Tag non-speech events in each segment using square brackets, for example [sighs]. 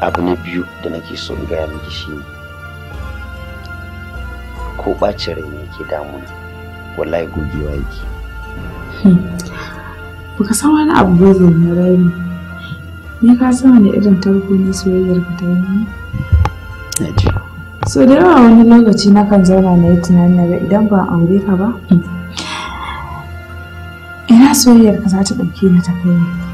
abu na biyu da nake so in gaya miki shi ko ɓacin rai ne yake damuna wallahi gogewa yake hmm. baka san wani abu ba zai na rai ne ka san wani irin tarko ne soyayyar ka ta yi so da yawa wani lokaci na kan zauna na yi tunanin ga idan ba aure ka ba hmm. ina soyayyar ka za ta ɗauke ni ta kai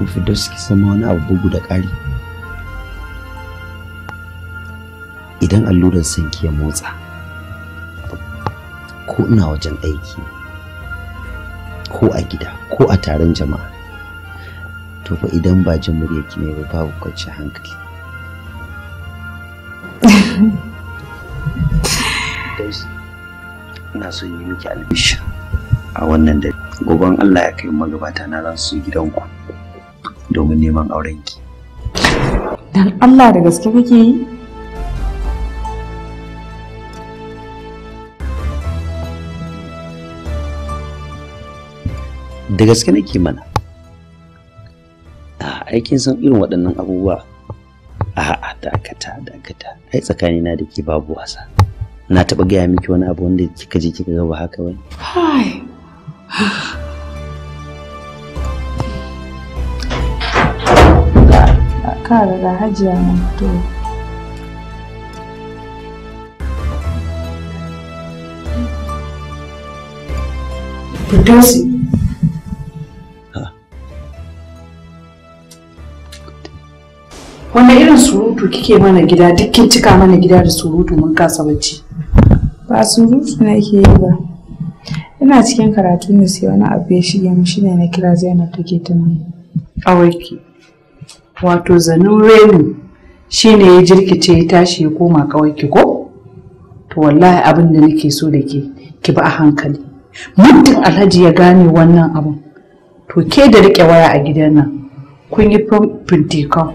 ku Firdaus ki sama wani abu bugu da ƙari. Idan allurar sanki ya motsa, ko ina wajen aiki, ko a gida, ko a taron jama'a, to fa idan ba jin muryarki ne ba babu kwanciyar hankali. ina so yi miki albishir a wannan dare Gobon Allah ya kai magabata na zan su gidanku domin neman aurenki dan Allah da gaske kake yi da gaske nake mana a ah, aikin san irin waɗannan abubuwa a dakata dakata ai tsakanina da ke babu wasa na taɓa gaya miki wani abu wanda kika je kika ga ba haka bane ka riga hajiya na Wanda irin surutu kike mana gida duk kin cika mana gida da surutu mun kasa bacci. Ba surutu na ke yi ba. Ina cikin karatu ne sai wani abu ya shige mu shine na kira Zainab take tunani. Awarki. wato zanin renin shi ne ya jirkice ya tashi ya koma kawai ki ko to wallahi abin da nake so da ke ki ba a hankali muddin alhaji ya gane wannan abin to ke da riƙe waya a gidan nan kun yi fintikon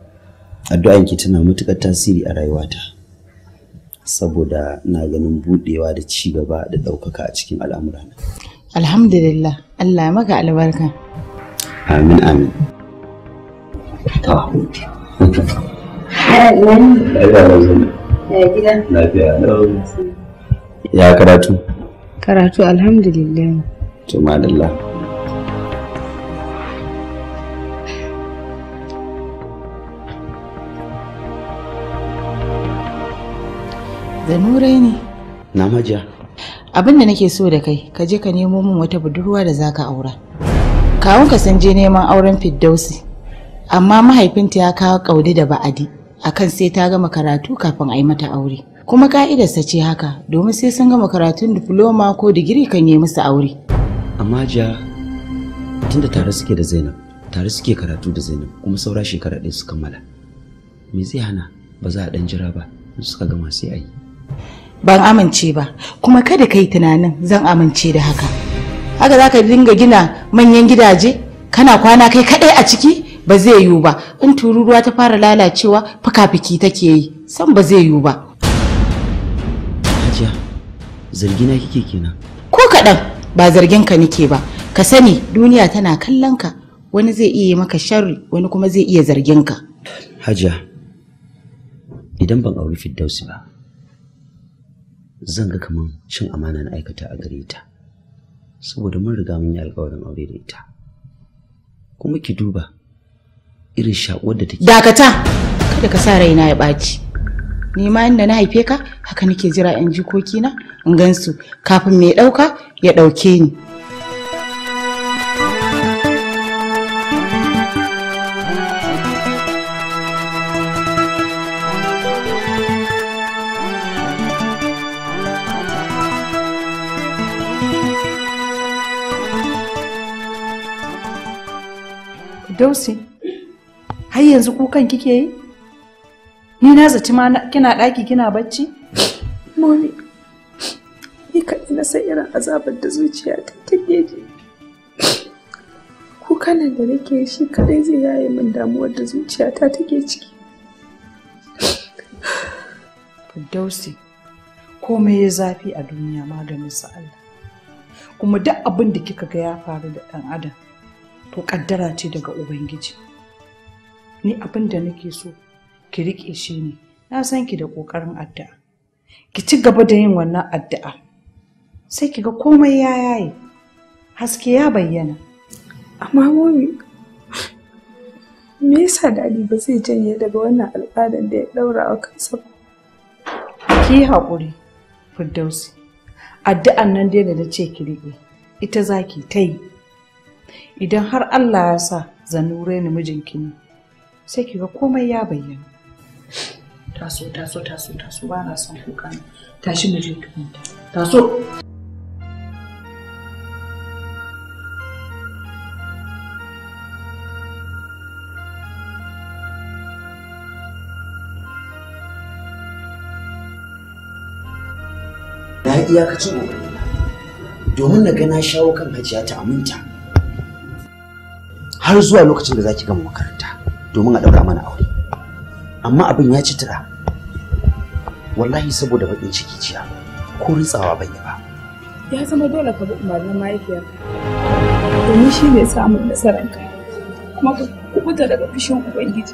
addu'an ki tana matuƙar tasiri a rayuwata saboda ina ganin buɗewa da ci gaba da ɗaukaka a cikin al'amuran. Alhamdulillah, Allah ya maka albarka. Amin amin. Ya karatu? Karatu alhamdulillah. madallah da nurai ne na abin da nake so da kai ka je ka nemo min wata budurwa da zaka aura kawun ka san je neman auren fiddausi amma mahaifinta ya kawo kaudi da ba'adi akan sai ta gama karatu kafin a yi mata aure kuma ka'idarsa ce haka domin sai sun gama karatun difloma ko digiri kan yi musu aure amma ja tunda tare suke da zainab tare suke karatu da zainab kuma saura shekara ɗaya su kammala me zai hana ba za a ɗan jira ba suka gama sai a yi ban amince ba kuma kada ka tunanin zan amince da haka haka za ka dinga gina manyan gidaje kana kwana kai kaɗai a ciki ba zai yiwu ba in tururuwa ta fara lalacewa fuka-fiki take yi san ba zai yiwu ba hajiya zargina kike kenan ko kaɗan ba zargin ka nike ba ka sani duniya tana kallon ka wani zai iya maka sharri wani kuma zai iya zargin ka hajiya idan ban auri Fiddausi ba zan ga kamar cin amana na aikata a gare ta saboda mun riga mun yi alkawarin aure da ita kuma ki duba irin shakuwar da take dakata kada ka sa raina ya ɓaci ni ma inda na haife ka haka nake jira yan jikokina in gansu kafin mai ɗauka ya ɗauke ni Firdausi, har yanzu kukan kike yi? Ni na zaci ma kina daki kina bacci? Mami, ni ka na san irin azabar da zuciya ta take ji. Kukanan da nake shi kaɗai zai yaye min damuwar da zuciya ta take ciki. Firdausi, komai ya zafi a duniya maganin Allah. Kuma duk abin da kika ga ya faru da ɗan adam, to kaddara ce daga ubangiji ni abin da nake so ki riƙe shi ne na san ki da ƙoƙarin addu'a ki ci gaba da yin wannan addu'a sai ki ga komai ya yaye haske ya bayyana amma mami me yasa dadi ba zai janye daga wannan al'adar da ya ɗaura a kansa ba ki haƙuri firdausi addu'an nan dai da ce ki riƙe ita za ki ta yi idan har Allah ya sa zanure ni mijinki ne sai ki ga komai ya bayyana taso taso taso taso ba na son kuka tashi mijinki taso na iyakacin ƙoƙarina domin na ga na shawo kan hajiya ta aminta har zuwa lokacin da zaki gama makaranta domin a daura mana aure amma abin ya ci tura wallahi saboda bakin ciki jiya ko ritsawa ban yi ba ya zama dole ka bi umarnin mahaifiyarka domin shi ne samun ka. kuma ku kubuta daga fushin ubangiji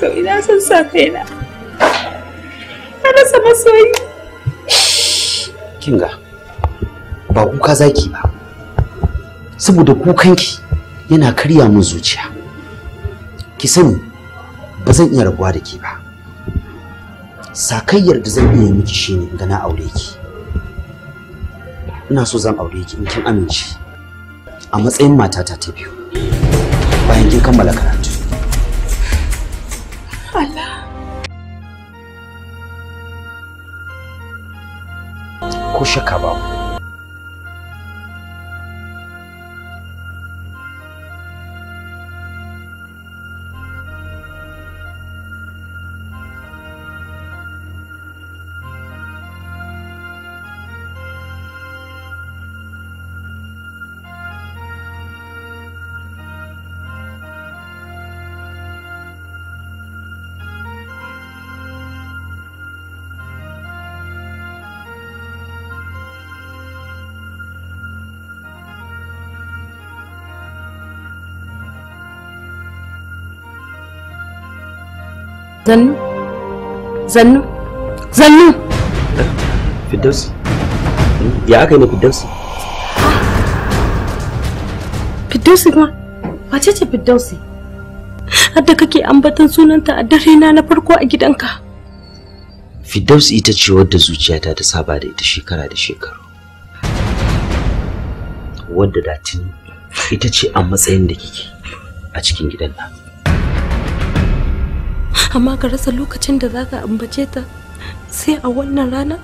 sau [sighs] ina san sa kaina na rasa masoyi kinga ba kuka zaki ba saboda kukanki yana karya min zuciya ki sani ba zan iya rabuwa da ki ba sakayyar da zan iya miki shine ga na aure ki ina so zan aure ki in kin amince a matsayin matata ta biyu bayan kin kammala karatu Allah ko shakka babu Zannu? Zannu? Zannu! Firdausi. Ya aka yi na Firdausi? Firdausi kuma? Wace ce Firdausi? Hadda kake ambatan sunanta a dare na na farko a gidanka. Firdausi ita ce wadda zuciyata ta saba da ita shekara da shekaru. Wadda da ita ce a matsayin da kike a cikin gidan nan. amma ka rasa lokacin da zaka ambace ta sai a wannan rana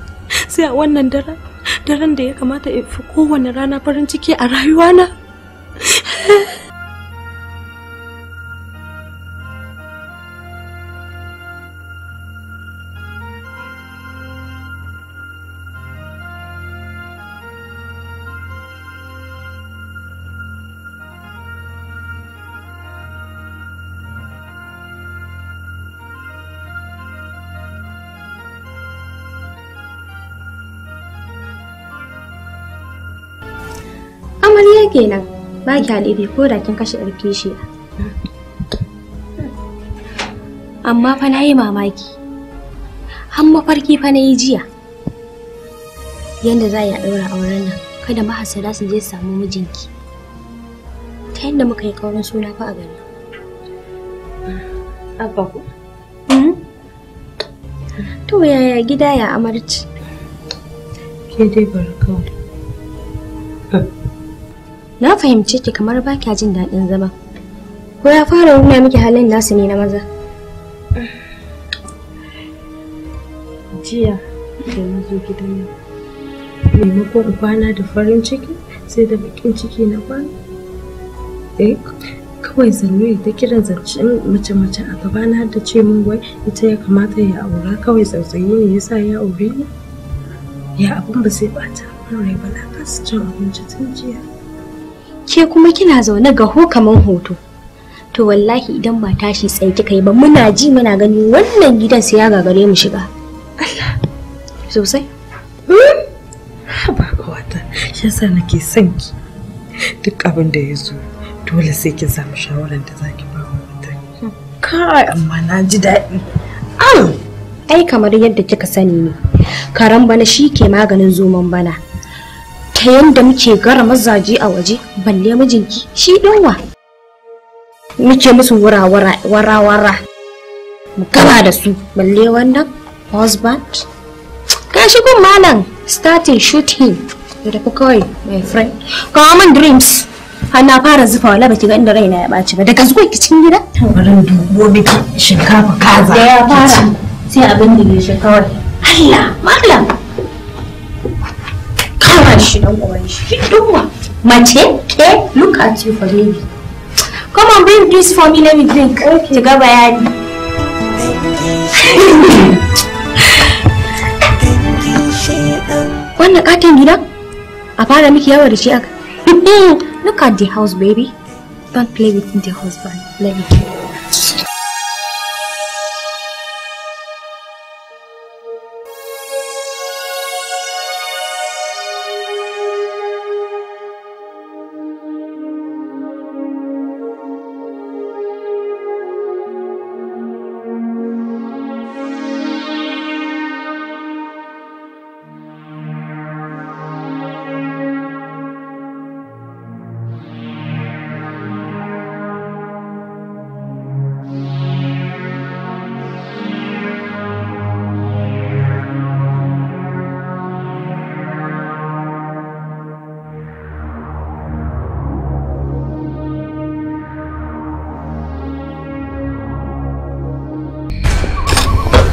sai a wannan daren daren da ya kamata in fi kowane rana farin ciki a rayuwana kenan ba ki halibi ko da kin kashe yar shi amma fa na yi mamaki har mafarki fa na yi jiya yadda za a ɗaura auren nan kada mahasara su je su samu mijinki ta yadda muka yi kauran suna fa a gari abba ku mm-hmm. to yaya gida ya amarci ke dai barkawa Na fahimce ki kamar ba kya jin daɗin zama. Ko ya fara nuna miki halin nasu ne na maza? Jiya da na zo gidan nan. Maimakon kwana da farin ciki sai da bakin ciki na kwana. Eh, kawai zanyo ta kiran zancen mace-mace a gabana da ce min wai ita ya kamata ya aura kawai tsautsayi ne yasa ya aure ni. Ya abun ba sai bata. Rai ba na kasa cin abinci tun jiya. ke kuma kina zaune ga ho kaman hoto to wallahi idan ba tashi tsaye kika yi ba muna ji muna gani wannan gidan sai ya gagare mu shiga Allah sosai hmm? haba kawata shi yasa nake son ki duk abin da ya zo dole sai kin samu shawaran da zaki ba mu mutane hmm. kai amma na ji daɗi ai kamar yadda kika sani ne karan bana shi ke maganin zoman bana ta yanda muke gara mazaje a waje balle mijinki shi ɗanwa muke musu wara-wara mu gama da su balle wannan husband gashi kun malam starting shooting da tafi kawai my friend kawo min dreams Ana fara zufa wala baki ga inda raina ya baci ba daga zuwa kicin gida barin dubo miki shinkafa kaza da ya fara sai abin da ne shi kawai Allah malam shi dan uwan shi duba mace ke look at you for baby come on bring this for me let me drink ki ga bayani wannan katin gidan a fara miki yawa da shi aka [laughs] look at the house baby don't play with the husband let me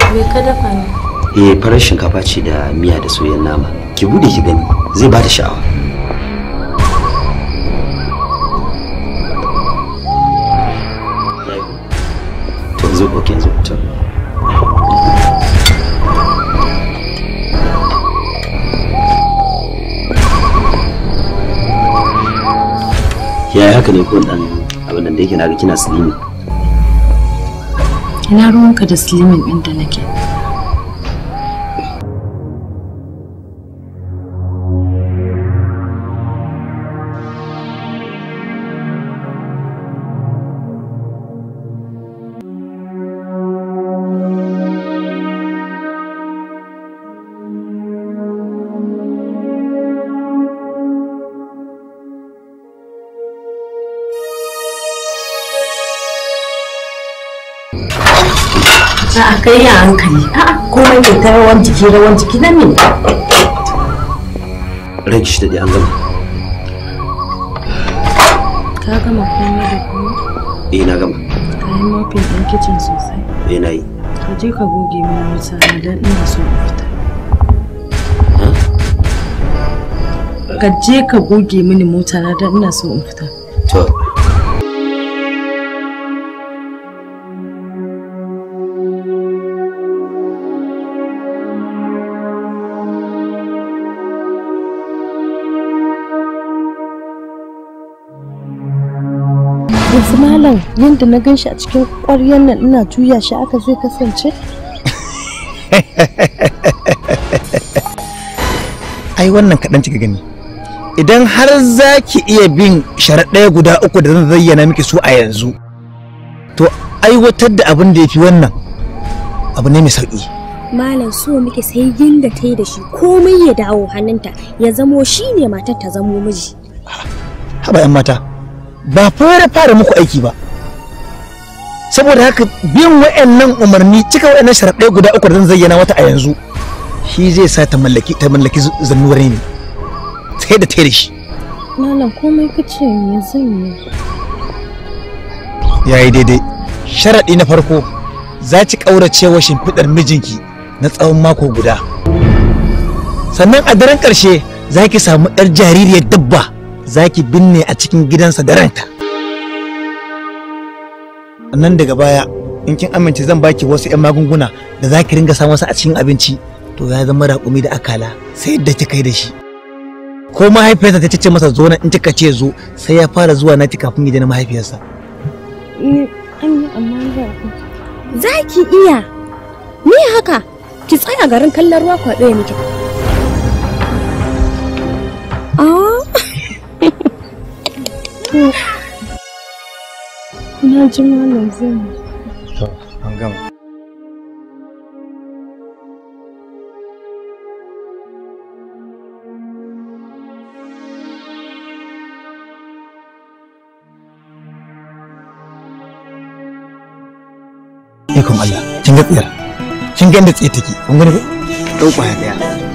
Me ka dafa ne? Eh farar shinkafa ce da miya da soyayyen nama. Ki bude ki gani zai bada sha'awa. To zo Yaya haka ne ko ɗan abin da yake na ga kina silimi. ina ruwanka da slimming ɗin da nake ka yi hankali komai ke ta rawan jiki rawan jiki na ne rage shi da an gama ka gama komai da komai eh na gama ka yi mafin ɗan kicin sosai eh na yi ka je ka goge min wuta na dan ina so in fita ka je ka goge mini mota na dan ina so in fita to nan yadda na gan shi a cikin kwaryan nan ina juya shi aka zai kasance? ai wannan kaɗan cika gani idan har za ki iya bin shara sharaɗaya guda uku da zan zayyana miki su a yanzu to aiwatar da abin da ya fi wannan abu ne mai sauƙi malam so muke sai yinda ta yi da shi komai ya dawo hannunta ya zamo shi ne matar ta zamo miji haba 'yan mata ba fara fara muku aiki ba saboda haka bin wa'annan umarni cika wa'annan sharaɗai guda uku da zan zayyana wata a yanzu shi zai sa ta mallaki ta mallaki zannuwar ne sai da tare shi malam komai kace me zan yi yayi daidai sharaɗi na farko za ki ƙaurace wa shimfiɗar mijinki na tsawon mako guda sannan a daren ƙarshe za ki samu 'yar jaririyar dabba zaki binne a cikin gidansa da ranta nan daga baya in kin amince zan baki wasu 'yan magunguna da zaki ringa samun su a cikin abinci to ya zama raƙumi da akala sai yadda kika kai da shi ko mahaifiyarsa ta ce masa zo in kika ce zo sai ya fara zuwa na kafin gidan mahaifiyarsa za ki iya ni haka ki tsaya garin kallon ruwa kwaɗo ya miki 그, 그나지만 내세요. 저, 방금. ikon Allah kin ga tsira kin ga da tsaye take kun gani ko ya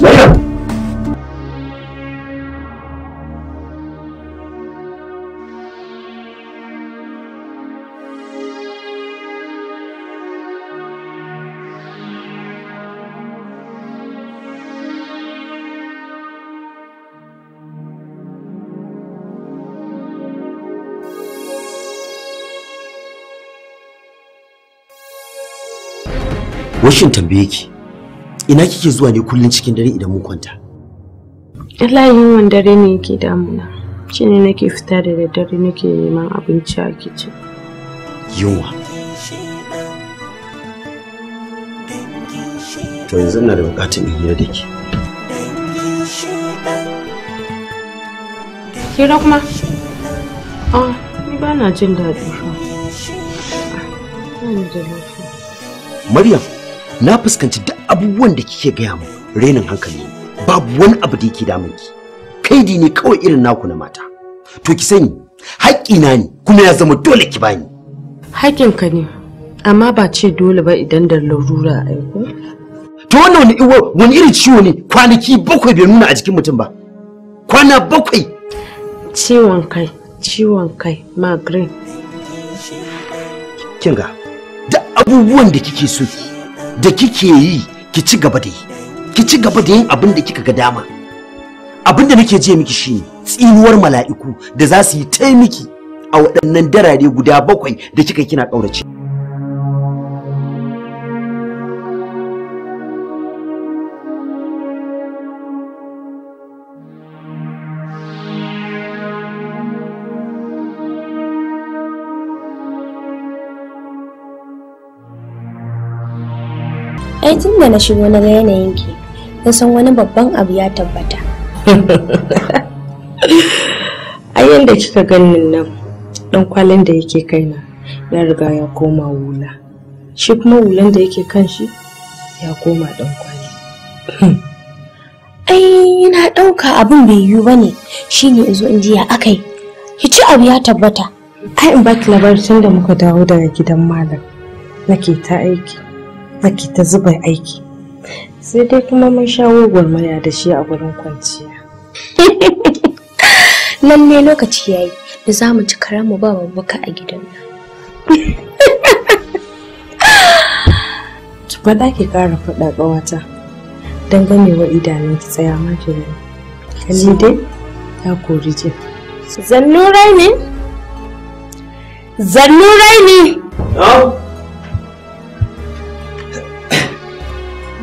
Maryam Washin tambaye ina kike zuwa ne kullun cikin dare idan mun kwanta yin wani dare ne yake damuna shine nake fita da dare nake neman abinci a kicin yunwa to yanzu na da bukatun in hira da ke hira kuma a ah, ni ba na jin daɗi fa ah, Maryam na fuskanci duk abubuwan da kike gaya mu renin hankali babu wani abu da yake damun ki kaidi ne kawai irin naku na mata to ki sani haƙƙi na ne kuma ya zama dole ki bani haƙƙin ka ne amma ba ce dole ba idan da larura aiko to wannan wani wani irin ciwo ne kwanaki bakwai bai nuna a jikin mutum ba kwana bakwai ciwon kai ciwon kai migraine kinga da abubuwan da kike so da kike yi ki ci gaba da yi ki ci gaba da yin abin da kika ga dama abin da nake je miki shine tsinuwar mala'iku da za su yi taimaki a waɗannan darare guda bakwai da kika kina ƙaurace. ai tun da na shigo na ga yanayin ki na san wani babban abu ya tabbata [laughs] ai yanda kika ganin nan dan kwalin da yake kaina ya riga ya koma wula shi kuma wulan da yake kan shi ya koma dan kwali ai na ɗauka abin bai yiwu ba ne shi ne zo in jiya aka yi ki ci abu ya tabbata ai in baki labarin da muka dawo daga gidan malam nake ta aiki ake ta zuba aiki sai dai kuma mun sha shawo gwarmaya da shi a gurin kwanciya [laughs] ne lokaci yayi da za mu ci karamu ba babbaka a gidan nan ki [laughs] faɗa ki ƙara faɗa ƙawata don wa idanun ki tsaya ma ki kalli dai ta kori ji zannurai ne zannurai ne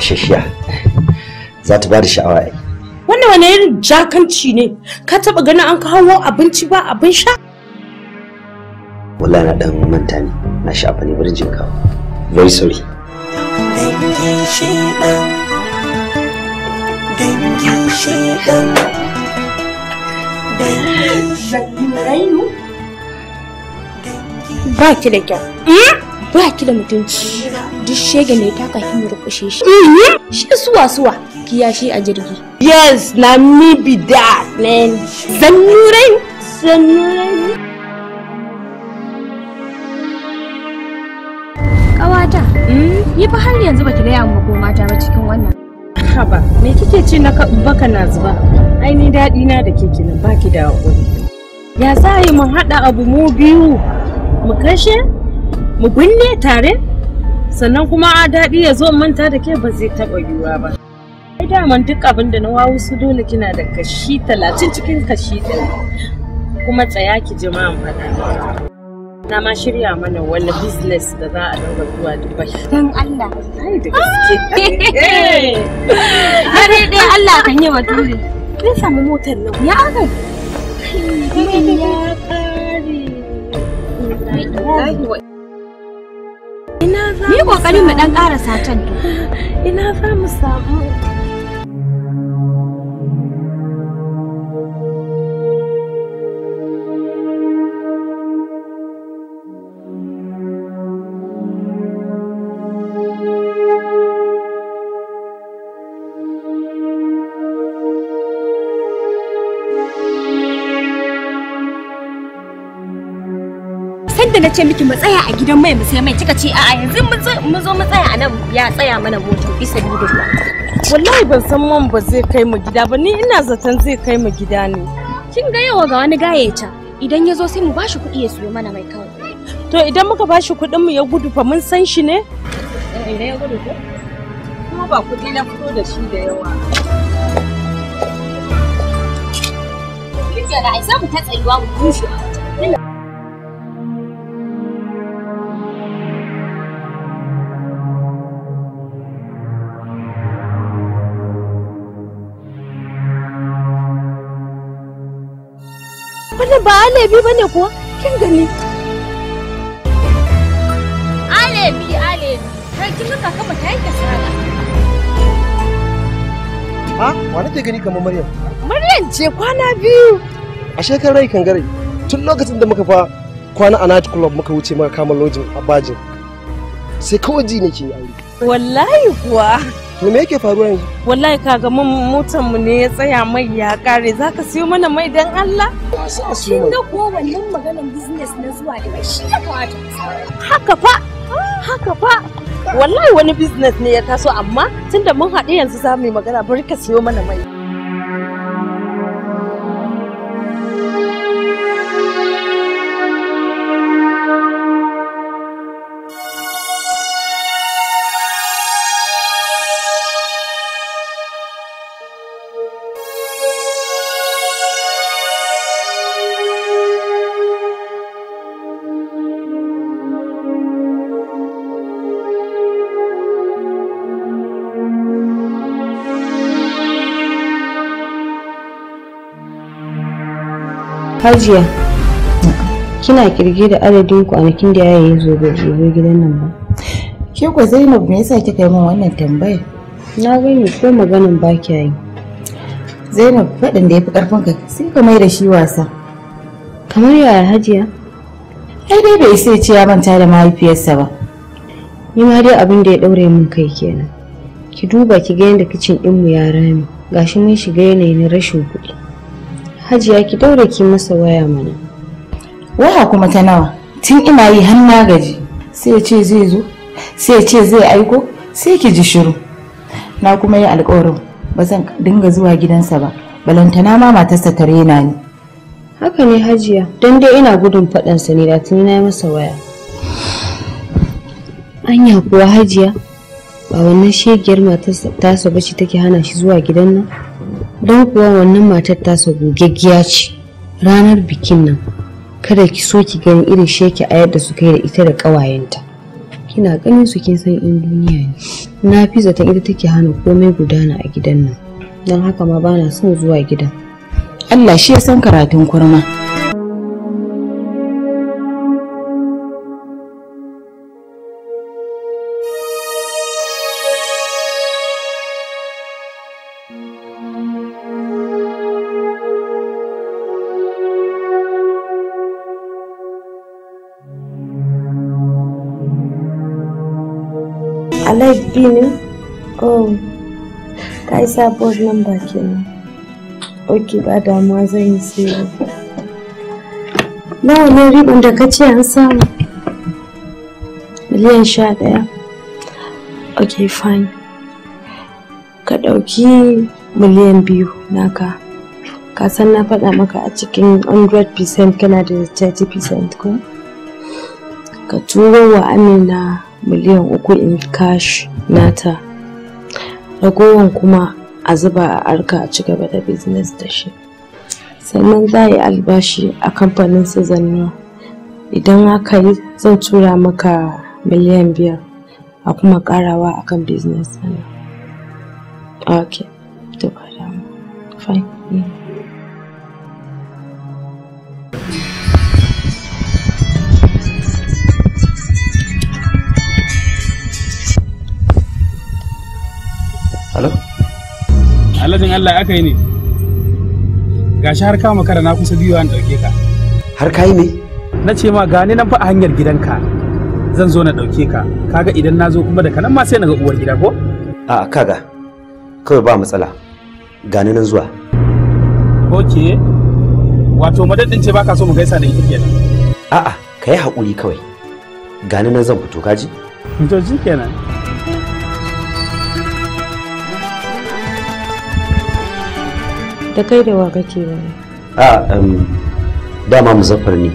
gasasshiya za ta ba da sha'awa ai wannan wani irin jakanci ne ka taba ganin an kawo abinci ba abin sha wallahi na dan manta ne na sha abin burin jin kawo very sorry ba ki da kyau hmm? ba ki da mutunci duk shege ne ta kafin mu rukushe shi mhm. shi suwa suwa kiya shi a jirgi yes na me be that man zanurai zanurai kawata hmm? ni fa har yanzu baki gaya ko mata ba cikin wannan haba me kike ce na baka na zuba ai ni daɗi na da kike nan baki da hakuri ya sa mu haɗa abu mu biyu mu kashe mu binne tare sannan kuma a daɗi ya zo manta da ke ba zai taɓa yiwuwa ba ai daman duk abin da na wawu su dole kina da kashi talatin cikin kashi ɗari kuma tsaya ki ji ma faɗa na ma shirya mana wani business da za a dinga zuwa Dubai. dan Allah. Ai da gaske. har [laughs] dai Allah kan yi wa dole. Kin samu motar nan. Ya aka. kai Ya kare. Wallahi kokarin mu dan karasa satan Ina za mu samu. ce miki mu tsaya a gidan mai mu sai mai kika ce a yanzu mun zo mu tsaya a nan ya tsaya mana moto bisa bidilla wallahi ban san man ba zai kai mu gida ba ni ina zaton zai kai mu gida ne kin ga yawa ga wani gaye ta idan ya zo sai mu bashi kuɗi ya suyo mana mai kawai to idan muka bashi kuɗin mu ya gudu fa mun san shi ne eh, idan ya gudu ko kuma ba kuɗi na fito da shi da yawa mu ta tsayuwa mu Wani ba alebi ba ne kuwa kin gani alebi alebi kai ka kama ta ka sara ha wani ke gani kamar maryam maryam ce kwana biyu a shekarar rai kangare tun lokacin da muka fa kwana a night club muka wuce muka kama lojin a bajin sai kawai ji ne ke yi aure wallahi kuwa to me yake faruwa yanzu wallahi kaga mun motar mu ne ya tsaya mai ya kare zaka siyo mana mai dan Allah kin da ko wannan maganar business na zuwa da shi ya kawata haka fa haka fa wallahi wani business ne ya taso amma tunda mun haɗu yanzu za mu yi magana bari ka siyo mana mai hajiya kina kirge da adadin kwanakin da yayi zo bai zo gidan nan ba ke ku zainab me yasa kika yi min wannan tambayar na gani ko maganin ba kiya yi zainab faɗin da ya fi ka sai ka mai da shi wasa kamar yaya hajiya ai dai bai sai ce ya manta da mahaifiyarsa ba ni ma dai abin da ya daure mun kai kenan ki duba ki ga yadda kicin ɗinmu ya rame gashi mun shiga yanayin rashin kuɗi hajiya ki daure ki masa waya mana waya kuma ta nawa tun ina yi har na gaji sai ya ce zai zo sai ce zai aiko sai ki ji shiru na kuma yi alƙawarin ba zan dinga zuwa gidansa ba balantana ma matarsa ta rena ni haka ne hajiya don dai ina gudun faɗansa ne da tuni na yi masa waya anya kuwa hajiya ba wannan shegiyar matarsa tasa ce take hana shi zuwa gidan nan don kuwa wannan matar tasa gogaggiya ce ranar bikin nan kada ki so ki gani irin sheki a yadda suka yi da ita da ƙawayenta kina ganin su kin san in duniya ne na fi zata ita take hana komai gudana a gidan nan don haka ma bana son zuwa gidan Allah shi ya san karatun kurma. Ini? Oh, ka yi sabuwar lamba kenan. Ok, ba damuwa zan yi sayo. Nawa ne riban da ka ce an sha ɗaya. Ok, fine. Ka ɗauki miliyan biyu naka. Ka san na faɗa maka a cikin 100% kana da 30% ko? Ka turo wa Amina miliyan uku in cash nata ragowan kuma a zuba a arka a ci gaba da business da shi sannan za yi albashi a kamfanin su zannuwa idan aka yi zan tura maka miliyan biyar a kuma karawa akan kan business ok to fine alajin Allah aka yi ne gashi har kama kara na kusa biyu an ɗauke ka har kai ne na ce ma gani nan fa a hanyar gidanka zan zo na ɗauke ka kaga idan na zo kuma da kanan ma sai na ga uwar gida ko a kaga kawai ba matsala gani nan zuwa ok wato madadin ce baka so mu gaisa da ita kenan a'a ka yi haƙuri kawai gani nan zan fito kaji to kenan da kai da wa kake waya a dama muzaffar ne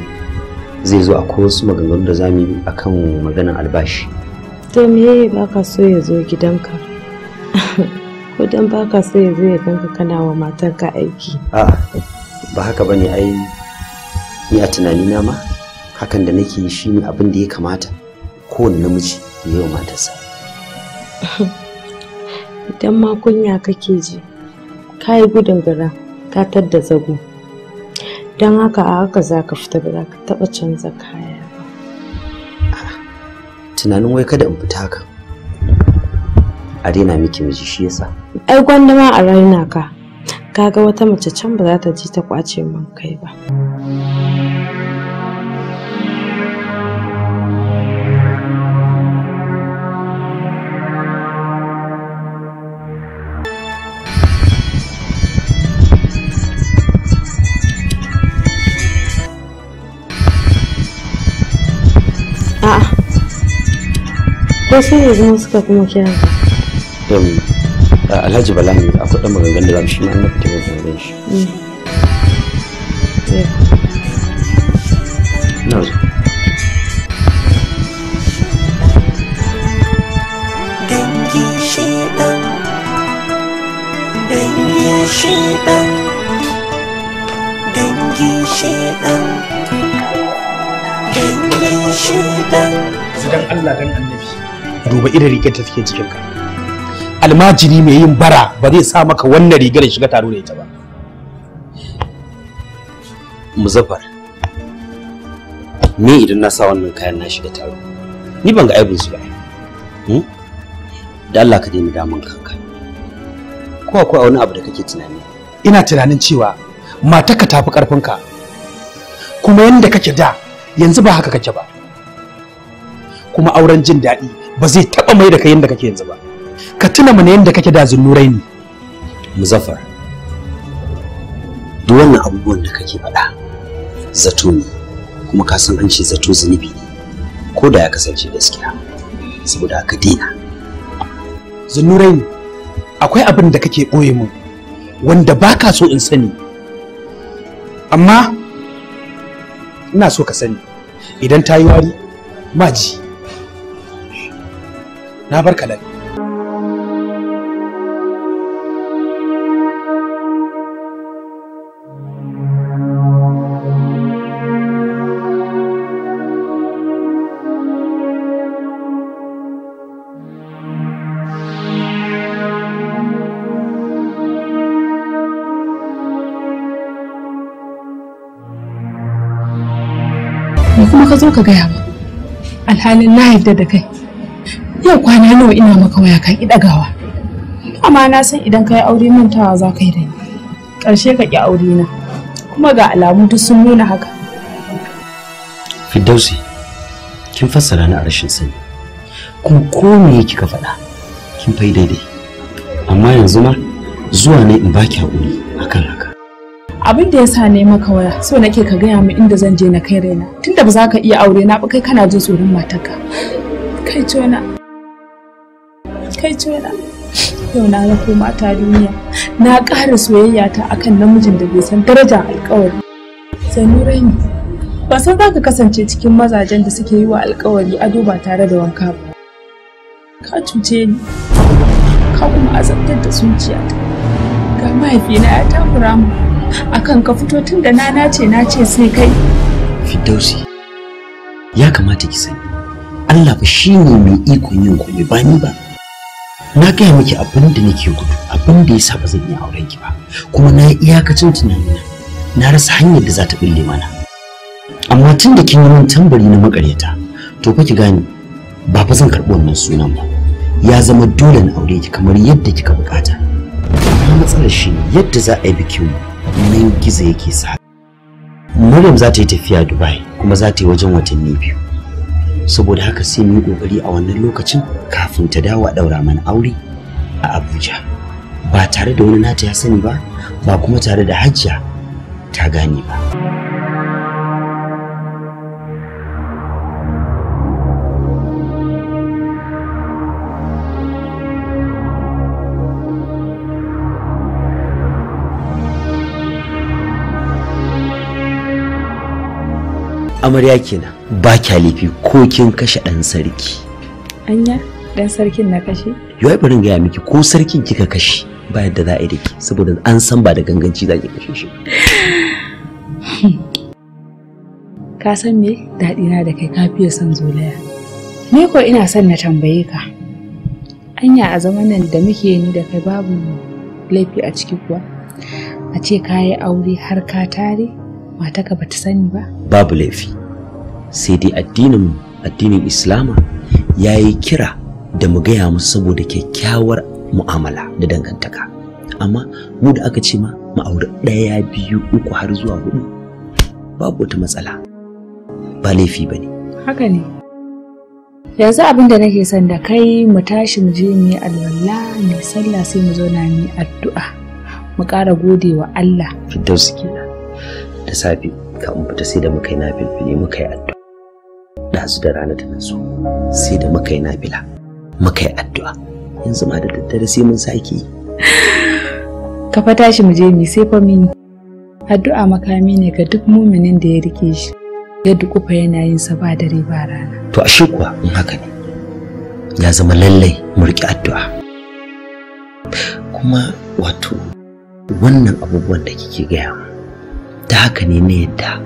zai zo a wasu maganganu da zamu yi akan maganar albashi to me ba ka so ya zo gidanka [laughs] ko dan ba so ya zo ya ganka kana wa matarka aiki a ba haka bane ai ni a tunanina ma hakan da nake yi shine abin da ya kamata kowane namiji ya yi matarsa [laughs] idan ma kunya kake ji ka yi gudun gara ka tadda zago don haka a haka za ka fita ba za ka taɓa canza kaya ba tunanin wai kada in fita haka a daina miki miji shi yasa ai gwanda ma a raina ka kaga wata mace can ba za ta ji ta kwace min kai ba ko su ne zama suka kuma kira ka alhaji bala ne akwai ɗan maganganun da zamu shi ma na fita maganganun shi na zo shedan Allah dan annabi duba irin rigar ta take jikinka almajiri mai yin bara ba zai sa maka wannan rigar shiga taro da ita ba muzaffar ni idan na sa wannan kayan na shiga taro ni ban ga aibin su ba hmm? da Allah ka daina damun kanka ko akwai wani abu da kake tunani ina tunanin cewa ka tafi karfinka kuma yanda kake da yanzu ba haka kake ba kuma auren jin daɗi ba zai taɓa mai da kai yadda kake yanzu ba ka tuna mana yadda kake da zunnurai ne muzaffar duk wannan abubuwan da kake faɗa zato ne kuma ka san an ce zato zunubi ne ko da ya kasance gaskiya saboda ka dina zunurai ne akwai abin da kake ɓoye mu wanda baka so in sani amma ina so ka sani idan ta yi wari maji نابر كلاي ما كزوك يا عم الحال النايف ده yau kwana nawa ina maka waya ka ki dagawa amma na san idan ka yi aure mantawa za ka yi da ni ƙarshe ka ki aure na kuma ga alamu duk sun nuna haka Firdausi kin fassara ni a rashin sani kuma ko me kika faɗa kin fai daidai amma yanzu ma zuwa ne in baki hakuri akan haka abin da yasa sa ne maka waya so nake ka gaya min inda zan je na kai raina tunda ba za ka iya aure na ba kai kana jin tsoron matarka kai tona kai na yau na rako mata duniya na ƙara soyayya ta akan namijin da bai san darajar alƙawari zanurai ne ba san za ka kasance cikin mazajen da suke yi wa alƙawari ado ba tare da wanka ba ka cuce ni ka kuma azabtar da ta ga mahaifina ya takura mu akan ka fito tun da na nace nace sai kai Fidausi ya kamata ki sani Allah ba shi ne mai ikon yin komai ba ni ba na gaya miki abin da nake gudu abin da yasa ba zan iya auren ki ba kuma na yi iyakacin tunanina na rasa hanyar da za ta bille mana amma tun da kin yi min tambari na makaryata to fa ki gane ba fa zan karɓi wannan sunan ba ya zama dole na aure ki kamar yadda kika bukata amma matsalar shi yadda za a yi bikin nan gizo yake sa Maryam za ta yi tafiya Dubai kuma za ta yi wajen watanni biyu saboda haka sai mu yi kokari a wannan lokacin kafin ta dawo a daura mana aure a Abuja ba tare da wani nata ya sani ba ba kuma tare da hajjia ta gane ba. amarya kenan ba kya laifi ko kin kashe ɗan sarki anya ɗan sarkin na kashe yau barin gaya miki ko sarkin kika kashe ba yadda za a yi saboda an san ba da ganganci za ki kashe shi [laughs] ka san me daɗina da kai ka fiye zolaya ni ko ina son na tambaye ka anya a zaman nan da muke ni da kai babu laifi a ciki kuwa a ce ka yi aure har ka tare mataka ba ta sani ba babu laifi sai dai addinin addinin islama ya yi kira da mu gaya musu saboda kyakkyawar mu'amala da dangantaka amma mu da aka ce ma ma'auri ɗaya biyu uku har zuwa hudu babu wata matsala ba laifi ba ne haka ne yanzu abin da nake son da kai mu tashi mu je mu yi alwala mu sallah sai mu zauna mu yi addu'a mu ƙara gode wa Allah su kenan da safe kafin fita sai da muka yi nafilfili muka yi addu'a ɗazu da rana ta nazo sai da muka yi nafila muka yi addu'a yanzu ma da daddare sai mun saki ka fa tashi mu je mi sai fa mini addu'a makami ne ga duk muminin da ya rike shi ya dukufa yana yin sa ba dare ba rana to a kuwa in haka ne ya zama lallai mu riƙe addu'a kuma wato wannan abubuwan da kike gaya mu ta haka ne na yadda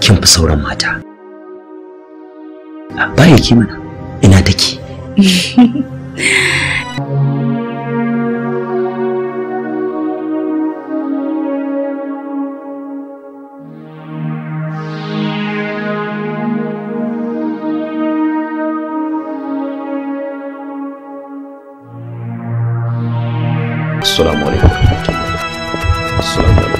kin fi sauran mata ah, baya ki mana ina take Assalamu alaikum. Assalamu alaikum.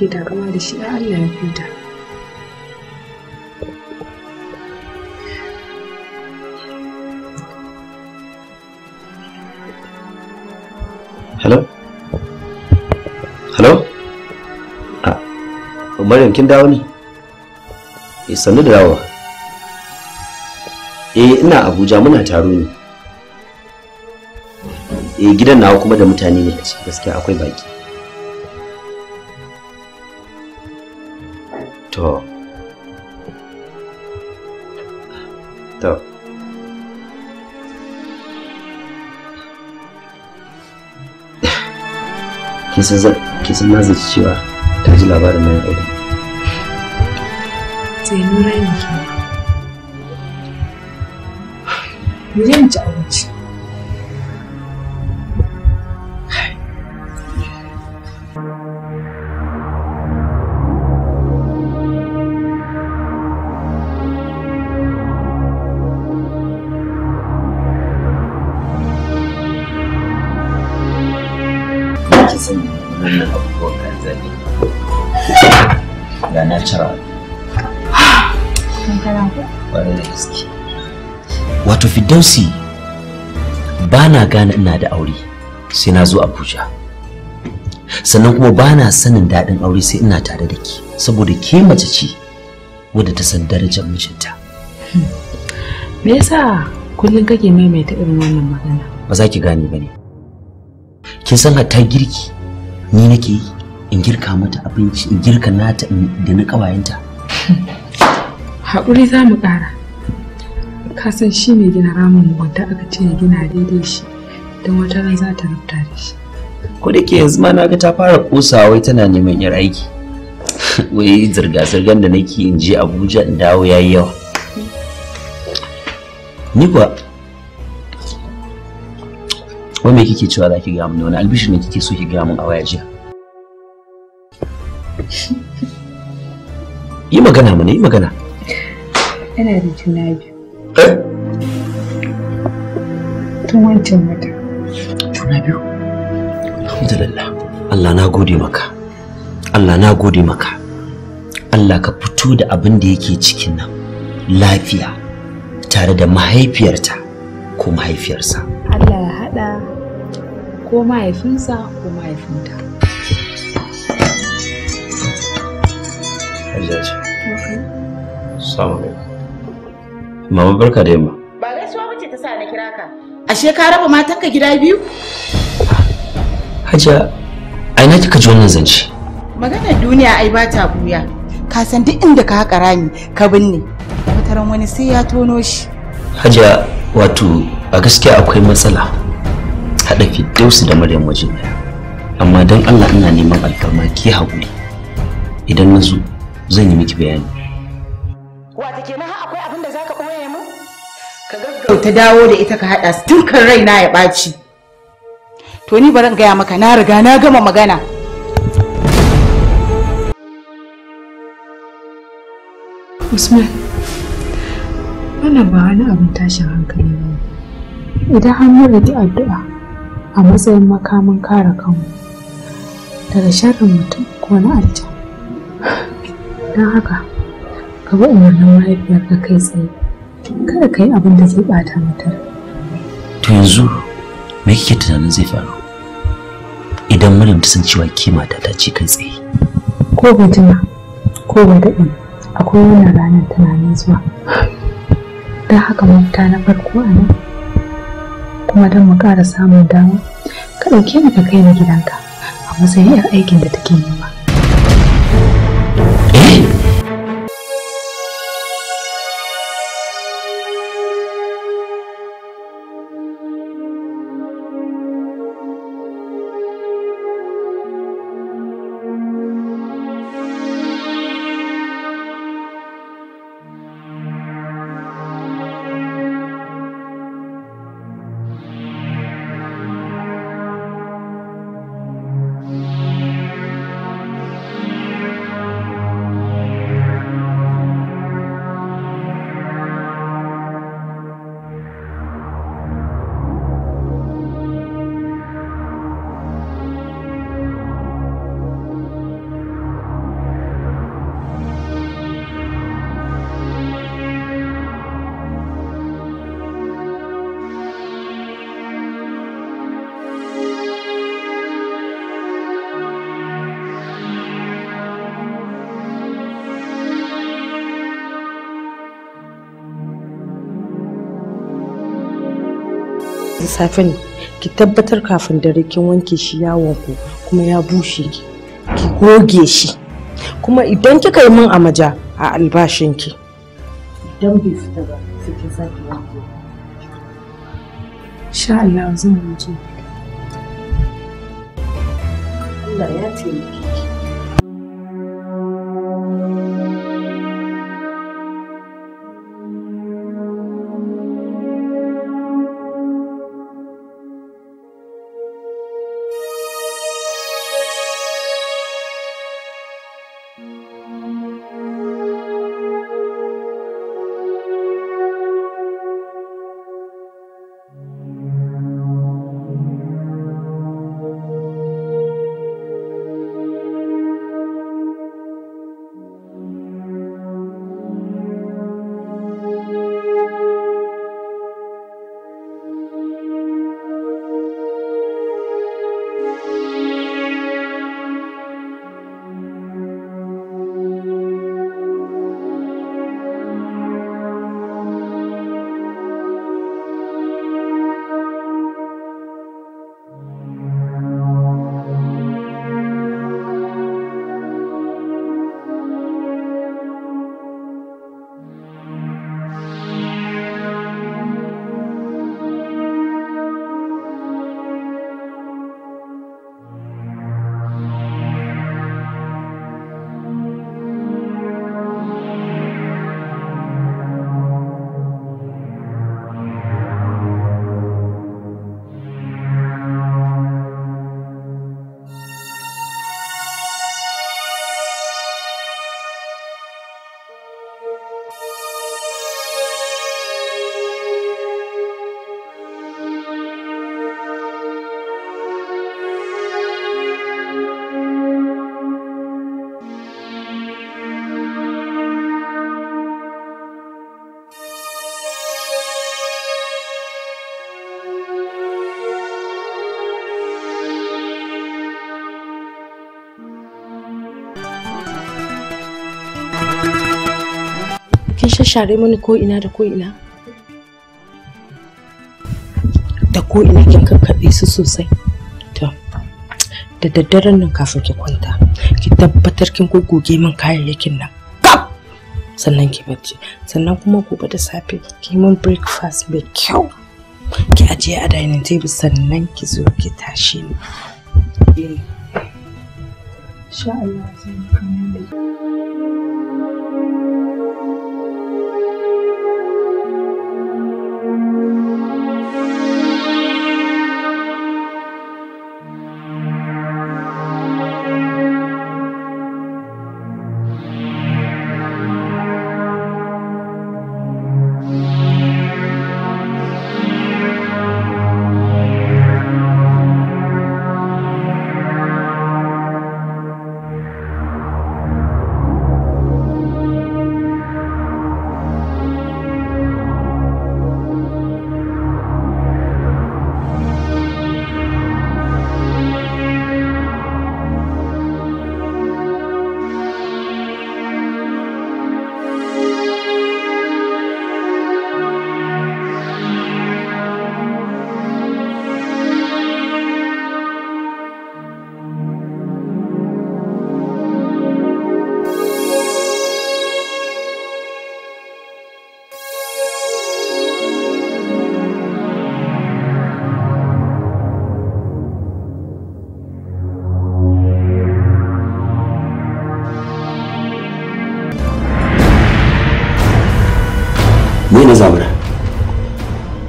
take takama da shi a Allah ya fita. Hello? Hello? Ah, Maryam kin dawo ne? Eh, sannu da dawowa. Eh, ina Abuja muna taro ne. E gidan nawa kuma da mutane ne a ciki gaskiya akwai baki. To. To. Kin san na ta ji labarin mai aure. ga natural wato fidausi ba na gane ina da aure sai na zo abuja sannan kuma ba na sanin daɗin aure sai ina tare da ke saboda ke mace ce wadda ta san darajar mijinta me yasa kullum kake maimaita irin wannan magana ba za ki gane ba ne kin san hatta girki ni nake yi in girka mata abinci in girka nata da na kawayenta. haƙuri za mu ƙara kasan shi ne gina ramin wanda aka ce ya gina daidai shi don wata ran za ta rubuta da shi ko da ke yanzu ma na ga ta fara kosawa wai tana neman yar aiki [laughs] wai zirga-zirgar da nake in je abuja in dawo ya yi yawa ni kuwa wai me kike cewa za ki gaya ne wani albishir ne kike so ki ga mun a waya jiya yi magana mana yi magana Ina da juna biyu eh? tun wancan wata juna biyu alhamdulillah Allah na gode maka Allah na gode maka Allah ka fito da abin da yake cikin nan lafiya tare da mahaifiyarta ko mahaifiyarsa Allah ya haɗa ko mahaifinsa ko mahaifinta hajiya ce. Mama barka da yamma. Ba gaisuwa bace ta sa na kira ka. Ashe ka raba ka gida biyu? Hajiya, a ina kika ji wannan zance. Maganar duniya ai ba ta buya. Ka san duk inda ka haƙa rami ka binne. Wataran wani sai ya tono shi. Hajiya, wato a gaskiya akwai matsala. Haɗafi dausu da Maryam waje ɗaya. Amma don Allah ina neman alfarma ki haƙuri. Idan na zo zan yi miki bayani wata kenan har akwai abin da zaka ɓoye mu ka gaggauta dawo da ita ka haɗa su dukkan raina ya ɓaci to ni bari in gaya maka na riga na gama magana Usman, wannan ba wani abin tashin hankali ne. Idan har mun rage addu'a a matsayin makamin kare kanmu daga sharrin mutum ko na aljan. don haka ka bi umarnin mahaifiyarka kai tsaye kada ka yi abin da zai bata mata to yanzu me kike tunanin zai faru idan Maryam ta san cewa ke mata ta ce kai tsaye ko ba jima ko ba daɗi akwai wannan ranar tunanin zuwa don haka mafita na farko a nan kuma don mu ƙara samun dama ka ɗauke ni ka kai ni gidanka a matsayin 'yar aikin da take nema safe ne ki tabbatar kafin dare kin wanke shi yawon ku kuma ya bushe ki ki goge shi kuma idan kika yi min amaja a albashin ki idan bai fita ba sai ki sake wanke insha Allah zan wanke Allah ya taimake share mani ko ina da ko ina da ko ina kin kakkaɓe su sosai to da daddaren nan kafin ki kwanta ki tabbatar kin goge min kayayyakin nan sannan ki bacci sannan kuma gobe da safe ki min breakfast mai kyau ki ajiye a dining table sannan ki zo ki tashi ni insha Allah zan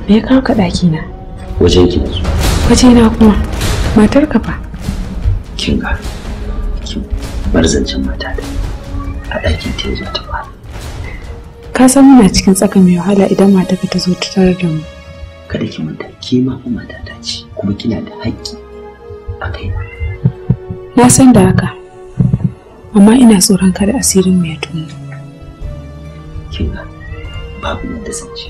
Me ya kawo ka ɗaki na? waje ki na Waje na kuma matar ka fa. Kin ga ki bar zancen mata da a ɗakin ta zo ta fara. Ka san muna cikin tsaka mai wahala idan mata ka ta zo ta tare da mu. Kada ki manta ke ma fa mata ta ce kuma kina da haƙƙi a kai na. san da haka. Amma ina tsoron kada asirin mai tuni. Kin ga babu yadda zance.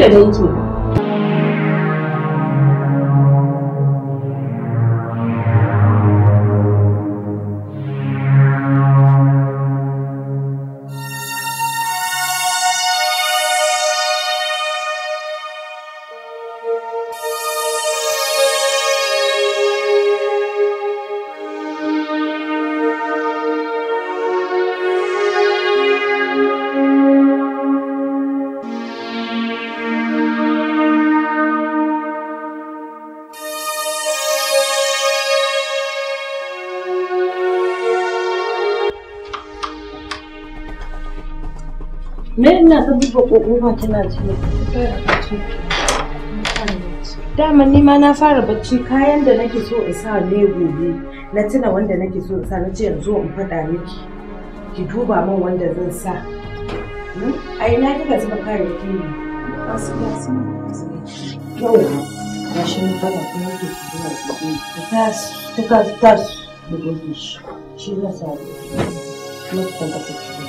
da danki buga ƙoƙofa tana jiya. Daman ni ma na fara bacci kayan da nake so in sa ne gobe na tuna wanda nake so in sa na ce yanzu in faɗa miki ki duba min wanda zan sa. Hmm? Ai na kika zuba kayayyaki ne. Yau ga shi mun fara kuma ke zuwa gobe. Tas, tukas, tas, da gobe shi. Shi na sa. Mutum ka tafi.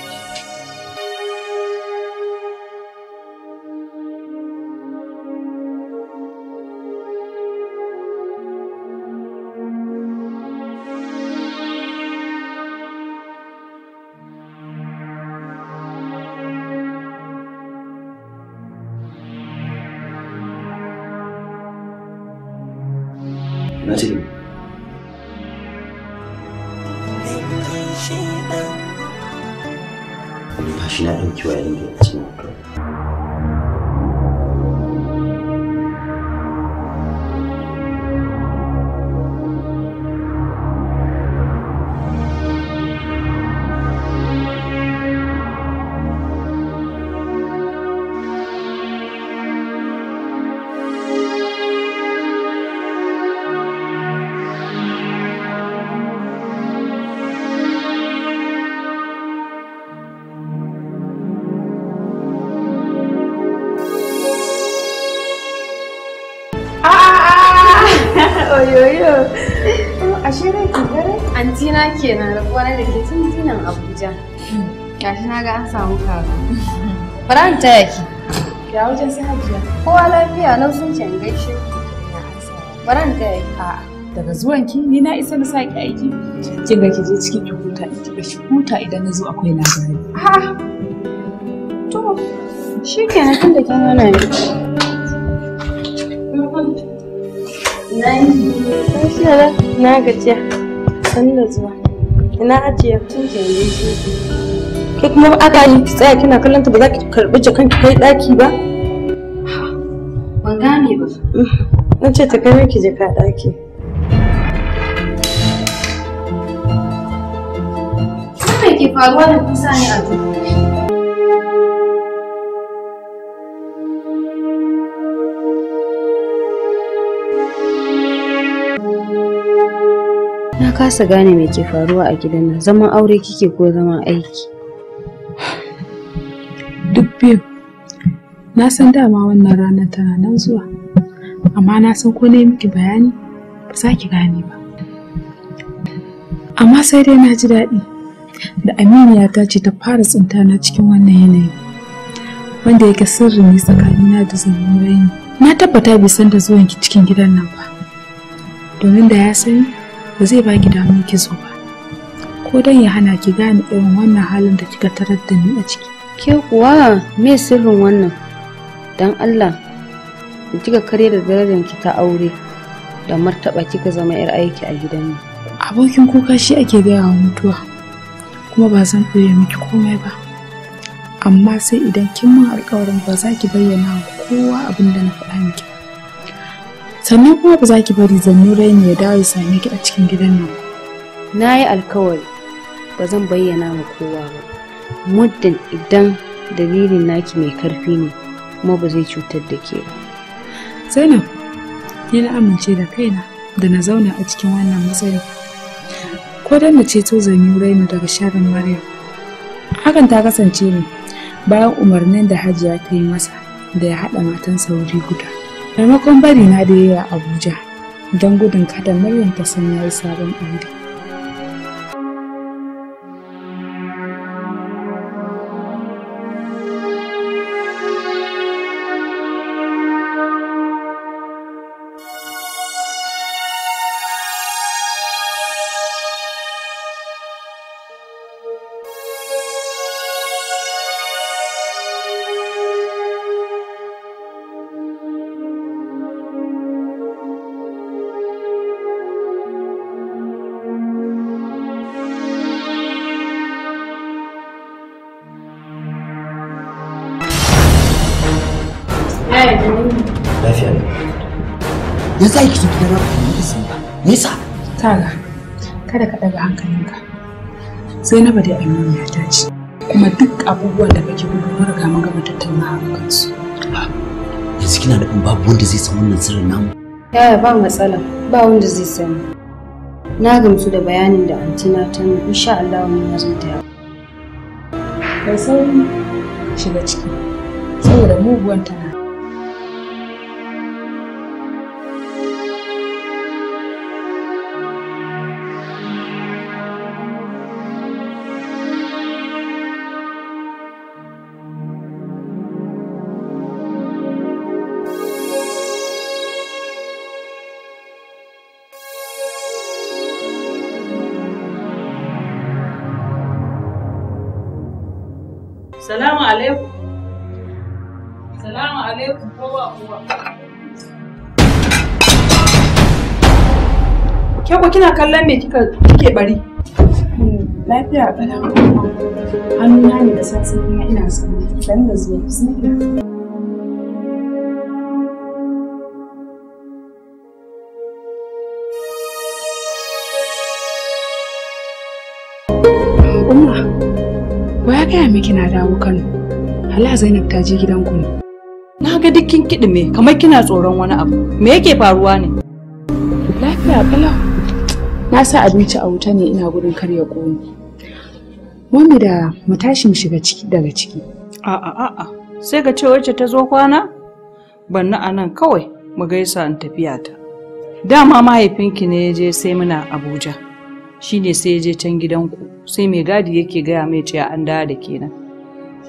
kenan rabuwa na da ke tun tunan Abuja. Gashi na ga an samu kaza. Bara an taya ki. wajen sai hajiya. Kowa lafiya lau sun can gaishe. Bara an taya ki. A'a. Daga zuwan ki ni na isa na saki aiki. Kin ga ki je cikin ki huta in ki ki huta idan na zo akwai labari. Ha. To shi kenan tun da kin hana ni. Na yi gajiya. Sanda zuwa. ina ajiye tun jere ke kuma aka yi ki tsaya kina kallon ta ba za ki karbi jakan ki kai daki ba ban gane ba na ce ta kai ki jaka daki Sai ke faruwa da kusa ne a duniya kasa gane me ke faruwa a gidan nan zaman aure kike ko zaman aiki duk biyu na san dama wannan ranar tana nan zuwa amma na san ko na miki bayani ba za ki gane ba amma sai dai na ji daɗi da aminiya ta ce ta fara tsinta na cikin wannan yanayi wanda yake sirri ne tsakanina da ne na tabbata bai san da zuwanki cikin gidan nan ba domin da ya sani ba zai baki damar ki zo ba ko dan ya hana ki gane irin wannan halin da kika tarar da ni a ciki ke kuwa me sirrin wannan dan Allah da kika kare da darajar ki ta aure da martaba kika zama yar aiki a gidan nan abokin kuka shi ake gaya wa mutuwa kuma ba zan koya miki komai ba amma sai idan kin mun alƙawarin ba za ki bayyana wa kowa abin da na faɗa miki sannan kuma ba za ki bari zannurai ne ya dawo ya same ki a cikin gidan nan na yi alkawari ba zan bayyana ma kowa ba muddin idan dalilin naki mai karfi ne kuma ba zai cutar da ke ba zainab ni na amince da kaina da na zauna a cikin wannan matsayin ko dan na ceto zannurai ne daga sharin maryam hakan ta kasance ne bayan umarnin da hajiya ta yi masa da ya haɗa matansa wuri guda maimakon bari na da yawa abuja don gudun kada muryanta ta san yayi sabon aure Taga, kada ka daga hankalinka. Zainabu dai aminiya ta ce, kuma duk abubuwan da kake gudu mun gama mun gama tattauna a kansu. Yanzu kina da babu wanda zai san wannan sirrin namu. Yaya ba matsala, ba wanda zai sani. Na gamsu da bayanin da antina ta yi, insha Allah mun zan ta. Kai sauri shiga ciki. Saboda muguwan ta Salamu alaikum. Salamu alaikum kowa kowa. Ke kina kallon me kika kike bari? Lafiya kana. Hannuna ne da sassan ina son. da zuwa gaya miki na dawo Kano. Hala Zainab ta je gidanku ne. Na ga dukkin me kamar kina tsoron wani abu. Me yake faruwa ne? Lafiya bala. Na sa abinci a wuta ne ina gurin karya ƙoni. Wani da mu mu shiga ciki daga ciki. A'a a sai ga ce wacce ta zo kwana? Banna a nan kawai mu gaisa in tafiya ta. Dama mahaifinki ne ya je sai muna Abuja. shine sai ya je can gidanku. sai mai gadi yake gaya mai cewa an dawo da kenan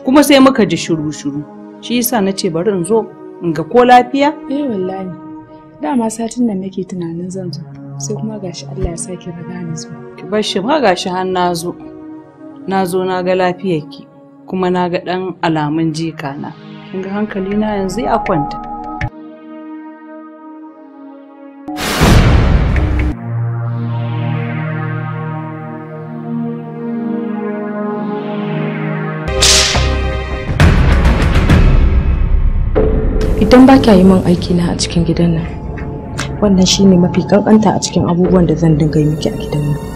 kuma sai muka ji shiru shiru shi yasa na ce bari in zo in ga ko lafiya eh wallahi dama satin nan nake tunanin zan zo sai kuma gashi Allah ya saki raga ni zo ki bar shi ma gashi har na zo na zo na ga lafiyarki kuma na ga dan alamun jika na kin ga hankali na yanzu ya kwanta idan ba kya yi min aiki na a cikin gidan nan wannan shine mafi kankanta a cikin abubuwan da zan dinga yi miki a gidan nan